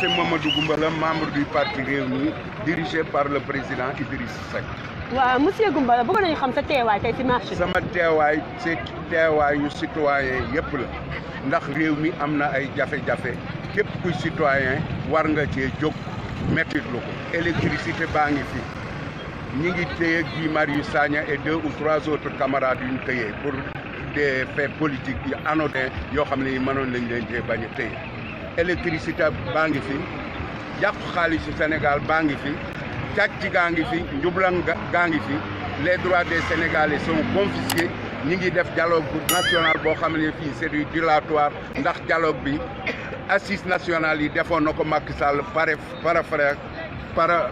c'est Mamadou Goumbala, membre du parti Réuni, dirigé par le président Idriss Seck. wa monsieur Goumbala bëgg nañu xam sa teewaay tey ci marché sama teewaay c'est teewaayu citoyen yëpp la ndax réew mi am na ay jafe-jafe képp kuy citoyen war nga cee jóg mettitlu ko électricité baa ngi fi ñi ngi téye Guy Marius Sagna et deux ou trois autres camarades d'une ñu pour des faits politiques yu anodins yoo xam ne yi mënoon électricité bangi fi yàqu xaalisu Sénégal bangi fi càcc gangi fi njublan gangi fi les droits des Sénégalais sont confisqués ñi ngi def dialogue national bo xamné fi c'est du dilatoire ndax dialogue bi assise nationale yi defoon na ko Macky Sall pare para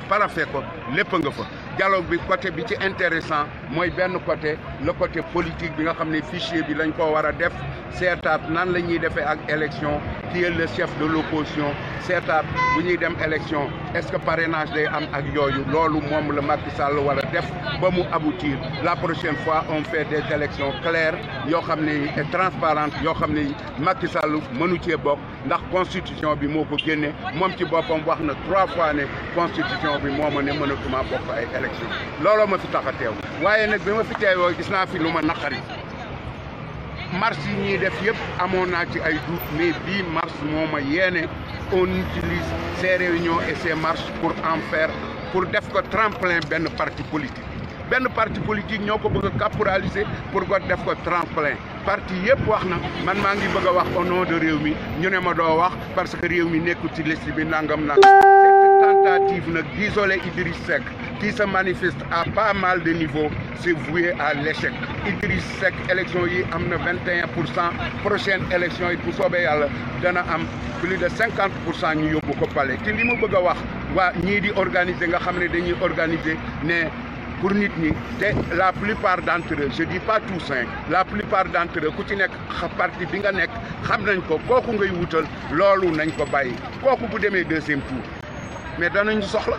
parafe ko lepp nga fa dialogue bi côté bi ci intéressant moy benn côté le côté politique bi nga xamné fichier bi lañ ko wara def seetaat nan lañuy défé ak élection qui est le chef de l'opposition seetaat bu ñuy dem élection est-ce que parrainage day am ak yoyu lolu mom le Macky Sall wara def ba mu aboutir la prochaine fois on fait des élections claires yo xamné ne et transparentes yoo xam Macky Sall mënu ci bokk ndax constitution bi moko ko mom ci bopam wax na trois fois né constitution bi moma né ne mënatuma bokk ay élections lolu ma fi tax a teew waaye fi gis naa fi lu ma naqari marche yi ñuy def yëpp amoon naa ci ay doute mais bii mars moo on utilise ces réunions et ces marches pour en faire pour def ko tremplin benn parti politique Ben parti politique ñoo ko bëgg a caporaliser pour ko def ko tremplin parti yep wax na man maa ngi bëgg wax au nom de réew mi ñu ne ma wax parce que réew mi nekkul ci liste bi nangam tentative nag d'isoler Idriss Seck qui se manifeste à pas mal de niveaux c'est voué à l'échec Idriss Seck élection yi am 21 prochaine élection yi bu soobee yàlla dana am plus de 50 pour cent ñu yóbbu ko palais te li ma bëgg a wax waa ñii di organiser nga xam dañuy organiser pour nit ñi la plupart d'entre eux je dis pas tous hein la plupart d'entre eux ku ci nekk parti bi nga nekk xam nañ ko kooku ngay wutal loolu nañ ko bàyyi kooku bu demee deuxième tour mais danañ soxla.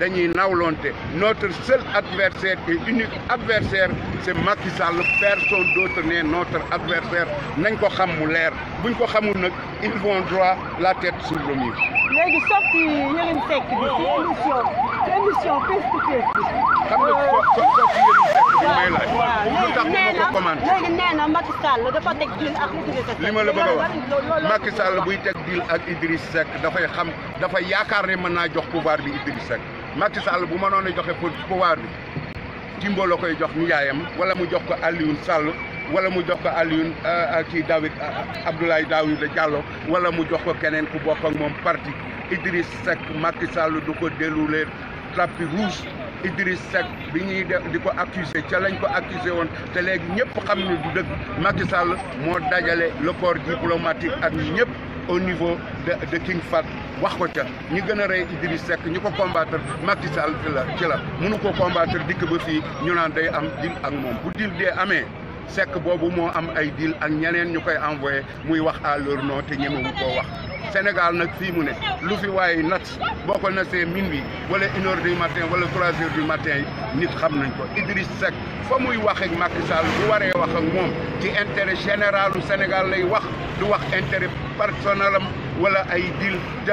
dañuy nawlonte notre seul adversaire et unique adversaire c'est Macky Sall d'autre n'est notre adversaire nañ ko xam mu leer buñ ko xamul nag ils vont droit la tête sur le léegi sorti yi Yérim Seck bi ci émission ci émission face to léegi nee na dafa teg deal ak Idriss Seck. buy teg deal ak Idriss Seck dafay xam dafay yaakaar ne mën naa jox pouvoir bi Idriss Seck. Macky Sall bu mënoon joxe pouvoir bi koy jox wala mu jox ko Alioune Sall wala mu jox Alioune euh, euh, David euh, Abdoulaye Diallo wala mu jox ko parti Idriss Seck Macky Sall du ko déroulé rouge Idriss Seck diko accuser lañ ko accuser Macky Sall le corps diplomatique ak au niveau de King Fat. wax ko ca ñi gën a rey Idriss ñu ko combattre Macky Sall ci la ci la mënu ko combattre dikk ba fii ñu naan day am dil ak moom bu dil dee amee Seck boobu moo am ay dil ak ñeneen ñu koy envoyé muy wax à leur noo te ñemewu ko wax Sénégal nag fii mu ne lu fi waaye nat boo ko nasee minuit wala une heure du matin wala trois heures du matin nit xam nañ ko Idriss Seck fa muy wax ak Macky Sall bu waree wax ak moom ci intérêt général u Sénégal lay wax du wax intérêt personnel wala ay dil te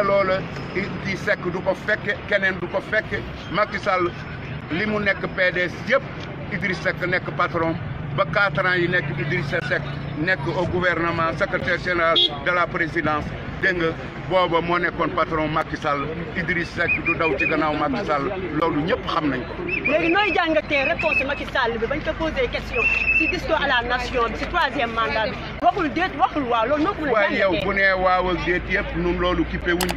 i di sekk du ko fekk keneen du ko fekke Macky li mu nekk PDS yëpp Idriss Seck nekk patron ba quatre ans yi nekk Idriss Seck nekk au gouvernement secrétaire général de la présidence dégg nga booba moo nekkoon patron Macky Sall Idriss Seck du daw ci gannaaw Macky Sall loolu ñëpp xam nañ ko. léegi nooy jàngatee réponse Macky Sall bi bañ ko posé question si discours à la nation bi si troisième mandat bi waxul déet waxul waaw loolu noo a jàngatee waaye yow bu ne waaw ak déet yëpp ñun loolu kippé wuñ